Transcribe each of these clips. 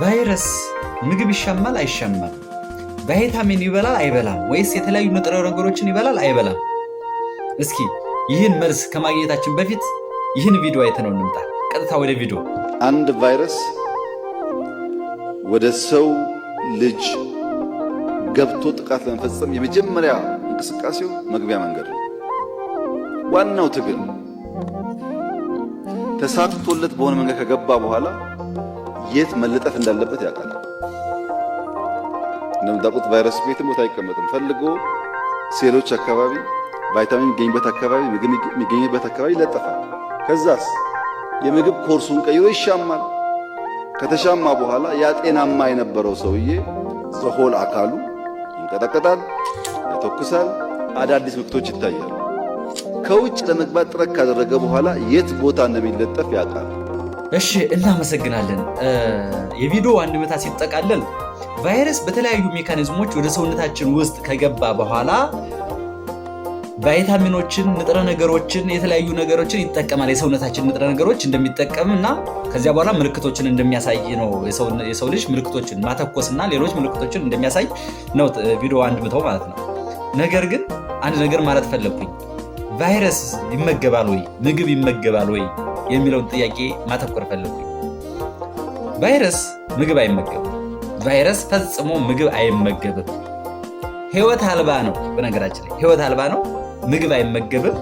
ቫይረስ ምግብ ይሻማል አይሻማም? ቫይታሚን ይበላል አይበላም? ወይስ የተለያዩ ንጥረ ነገሮችን ይበላል አይበላም? እስኪ ይህን መልስ ከማግኘታችን በፊት ይህን ቪዲዮ አይተነው እንምጣ። ቀጥታ ወደ ቪዲዮ። አንድ ቫይረስ ወደ ሰው ልጅ ገብቶ ጥቃት ለመፈጸም የመጀመሪያ እንቅስቃሴው መግቢያ መንገድ ነው። ዋናው ትግል ተሳትፎለት በሆነ መንገድ ከገባ በኋላ የት መለጠፍ እንዳለበት ያውቃል። እንደምታውቁት ቫይረስ ቤትም ቦታ አይቀመጥም። ፈልጎ ሴሎች አካባቢ፣ ቫይታሚን የሚገኝበት አካባቢ፣ የሚገኝበት አካባቢ ይለጠፋል። ከዛስ የምግብ ኮርሱን ቀይሮ ይሻማል። ከተሻማ በኋላ ያ ጤናማ የነበረው ሰውዬ ዘሆል አካሉ ይንቀጠቀጣል፣ ያተኩሳል፣ አዳዲስ ምልክቶች ይታያሉ። ከውጭ ለመግባት ጥረት ካደረገ በኋላ የት ቦታ እንደሚለጠፍ ያውቃል። እሺ እናመሰግናለን። የቪዲዮ አንድምታ ሲጠቃለል ቫይረስ በተለያዩ ሜካኒዝሞች ወደ ሰውነታችን ውስጥ ከገባ በኋላ ቫይታሚኖችን፣ ንጥረ ነገሮችን፣ የተለያዩ ነገሮችን ይጠቀማል። የሰውነታችን ንጥረ ነገሮች እንደሚጠቀም እና ከዚያ በኋላ ምልክቶችን እንደሚያሳይ ነው። የሰው ልጅ ምልክቶችን ማተኮስ እና ሌሎች ምልክቶችን እንደሚያሳይ ነው ቪዲዮ አንድምታው ማለት ነው። ነገር ግን አንድ ነገር ማለት ፈለግኩኝ። ቫይረስ ይመገባል ወይ? ምግብ ይመገባል ወይ? የሚለውን ጥያቄ ማተኮር ፈለጉ። ቫይረስ ምግብ አይመገብም። ቫይረስ ፈጽሞ ምግብ አይመገብም። ህይወት አልባ ነው። በነገራችን ላይ ህይወት አልባ ነው። ምግብ አይመገብም፣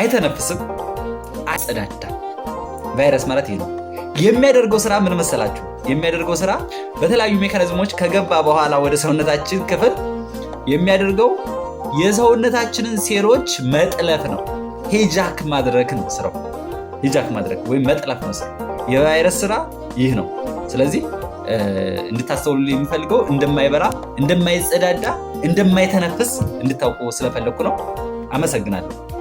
አይተነፍስም፣ አይጸዳዳም። ቫይረስ ማለት ይህ ነው። የሚያደርገው ስራ ምን መሰላችሁ? የሚያደርገው ስራ በተለያዩ ሜካኒዝሞች ከገባ በኋላ ወደ ሰውነታችን ክፍል የሚያደርገው የሰውነታችንን ሴሎች መጥለፍ ነው። ሄጃክ ማድረግ ነው ስራው። ሂጃክ ማድረግ ወይም መጥለፍ ነው የቫይረስ ስራ ይህ ነው። ስለዚህ እንድታስተውሉ የሚፈልገው እንደማይበራ፣ እንደማይጸዳዳ፣ እንደማይተነፍስ እንድታውቁ ስለፈለግኩ ነው። አመሰግናለሁ።